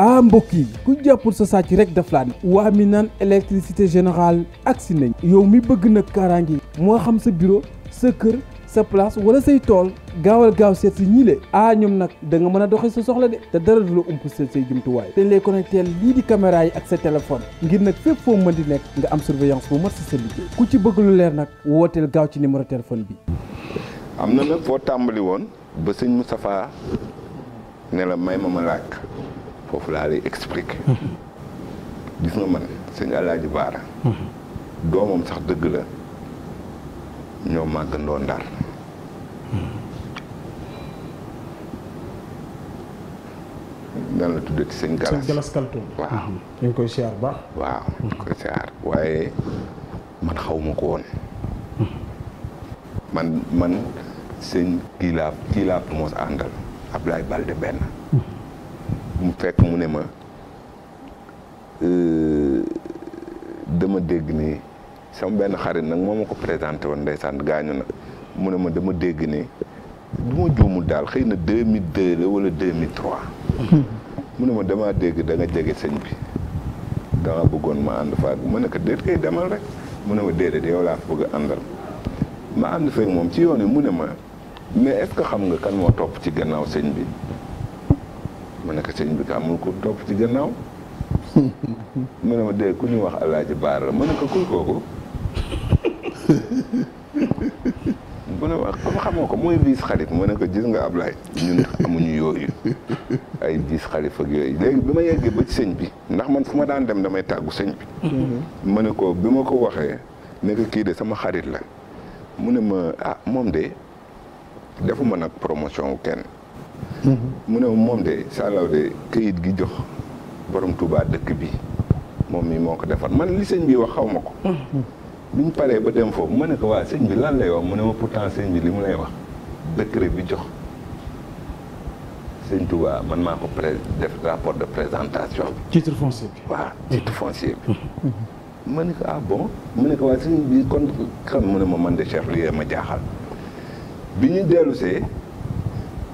ah mbokk yi ku jàppul sa sàcc rek daf laa ne waa mi naan électricité générale si nañ yow mi bëgg nag kaaraange moo xam sa bureau sa kër sa place wala say tool gaawal gaaw seet si ñii le ah ñoom nag da nga mën a doxee sa soxla de te dara du la umpaseel say jumtuwaay te ñu lay connecté lii di caméra yi ak sa téléphone ngir nag fépp foo mën di nekk nga am surveillance bu mat si sa liggéey ku ci bëgg leer nag wooteel gaaw ci numéro téléphone bi. am na nag tàmbali woon ba sëñ Moustapha ne la may ma ma laaj. foofu laa lay expliquer. gis nga man sëñ Alaaji Baara. doomam sax dëgg la ñoo màggandoo ndar. nan la tuddee ci sëñ Galas sëñ Galas Kaltoum. waaw ñu ngi koy siyaar baax. waaw waaye man xawma ma ko woon. man man sëñ kii laa kii laa mos àndal Balde benn. fekk mu ne ma euh, dama dégg ne sama benn xarit nag moom ma ko présenté woon ndeysaan gaañu na mu ne ma dama dégg ne du ma juumul daal xëy na 2002 la wala 2003. mu ne ma damaa dégg da nga jege sëñ bi dama bëggoon ma ànd faak ma nekk ko déet kay demal rek mu ne ma déedéet yow laa fi bëgg a àndal ma ànd feeg moom ci yoon yi mu ne ma mais est-ce que xam nga kan moo topp ci gannaaw sëñ bi ma nekk sëñ bi ka amul ku topp ci gannaaw mu ne ma dee ku ñu wax alaaji baar la ma ne ko kuy ne wax comme xamoo ko mooy vice xalif ma ne ko gis nga Ablaye ñun amuñu yooyu ay vice xalif ak yooyu léegi bi ma yeggee ba ci sëñ bi ndax man fu ma daan dem damay tàggu sëñ bi mm-hmm. ma ne ko bi ma ko waxee ne kii de sama xarit la mu ne ma ah moom de defuma nag promotion wu kenn mu ne moom de saalaw de këyit gi jox borom Touba dëkk bi moom mi moo ko defar man li sëñ bi wax xaw ma ko biñ paree ba dem foofu ma ne ko waa sëñ bi lan lay wax mu ne ma pourtant sëñ bi li mu lay wax décret bi jox sëñ Touba man maa ko pré def rapport de présentation bi titre foncier bi mhm. ma ne ko ah bon mu ne ko waa sëñ bi kon xam mu ne ma man de chef li a jaaxal bi ñu dellusee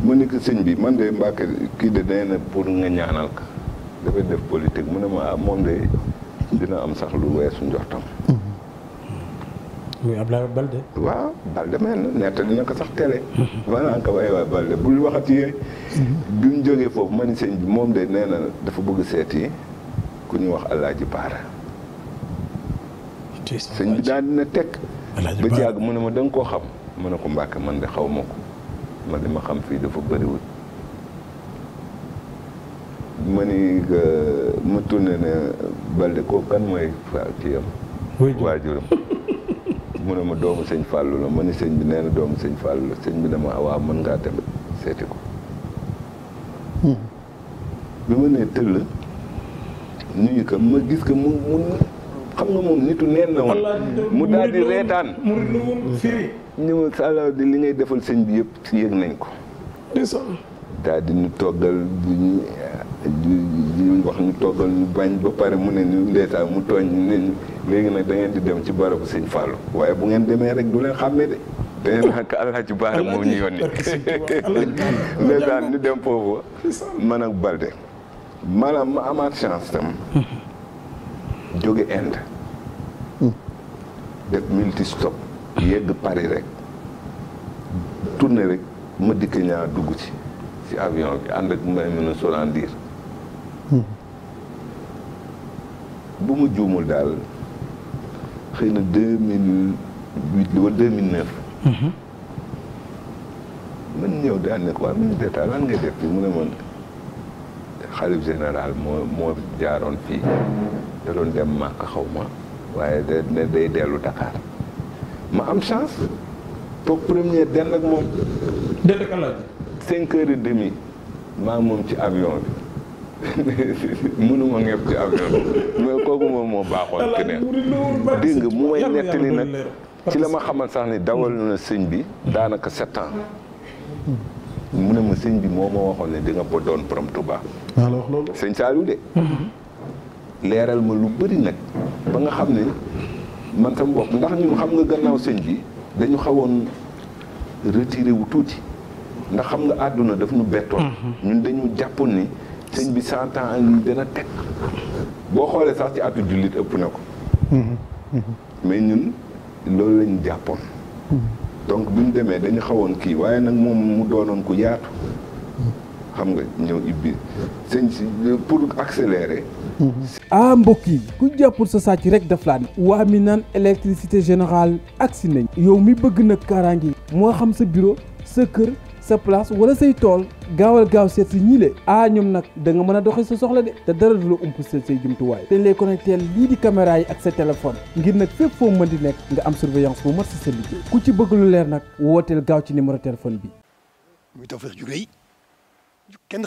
mu ni ko sëñ bi man de Mbàkke kii de nee na pour nga ñaanal ko dafay def politique mu ne ma ah moom de dina am sax lu weesu njortam. muy Abdoulaye Balde. waaw Balde mel na nettali dina ko sax tele maanaam ka waay mm-hmm. ma sëñ bi moom de nee na dafa bëgg seeti ku ñuy wax Alaaji Baara. sëñ bi daal dina teg. ba ci mu ne ma da koo xam mu ne ko Mbàkke man de xaw ma ko. man li ma xam fii dafa bëriwul ma ni ma tourné ne Balde ko kan mooy fa ci am waajuram mu ma doomu sëñ Fallou ma ni sëñ bi nee na doomu sëñ Fallou la bi ne ma ah, mën ngaa dem seeti ko hmm. bi ma nee tëll nuyu ko ma gis ko mu mu xam nga moom nitu neen la woon mu daal di reetaan ñu ma sàllaw di li ngay defal sëñ bi yëpp si yëg nañ ko daal di ñu toggal bu ñu wax ñu toggal ñu bañ ba pare mu ne ñu ndeetaa mu tooñ ne ñu léegi nag da ngeen di dem ci barabu sëñ Fallou waaye bu ngeen demee rek du leen xàmmee de dangeen oh. ak Alaaji Baara moom ñu yónni ndeetaan ñu dem foofu man ak Balde maanaam ma amaat chance tam jóge Inde hmm. def multi stop yegg Paris rek tourné rek ma dikk ñaa dugg ci ci avion bi ànd ak may mën a solandir bu mu juumul daal xëy na deux mille huit wala deux mhm. ñëw daal ne ko waa ministre d'état lan ngay def bi mu ne man xalif général moo moo jaaroon fii da doon dem màkk xaw ma waaye da day dellu Dakar ma am chance toog première den ak moom. den ak demi maa moom ci avion bi. mënuma ngepp ci avion mais kooku moo baaxoon keneen dégg nga mu may nettali nag ci la ma xamal sax ni dawal na sëñ bi daanaka sept ans mu ne ma sëñ bi moo ma waxoon ne di nga doon borom Touba sëñ Saliou de mhm. leeral ma lu bëri nag ba nga xam ne man sama bopp ndax ñun xam nga gannaaw sëñ bi dañu xawoon retiré wu tuuti ndax xam nga àdduna daf ñu bettoon. Mhm. ñun dañu jàppoon ni sëñ bi cent ans yi dana teg boo xoolee sax ci atu jullit ëpp na ko. Mhm. Mhm. mais ñun loolu lañu jàppoon. donc bi demee dañu xawoon kii waaye nag moom mu doonoon ku yaatu. xam nga ñëw ibbi sëñ si pour accélérer. ah mbokk yi ku jàppul sa sàcc rek daf laa ne waa mi naan électricité générale si nañ yow mi bëgg nag kaaraange moo xam sa bureau sa kër sa place wala say tool gaawal gaaw seet si ñii le ah ñoom nag da nga mën a doxee sa soxla de te dara du la umpaseel say jumtuwaay te ñu lay connecté lii di caméra yi ak sa téléphone ngir nag fépp foo mën di nekk nga am surveillance bu mat si sa liggéey ku ci bëgg lu leer nag wooteel gaaw ci numéro téléphone bi. muy Tawfekh ju rëy kenn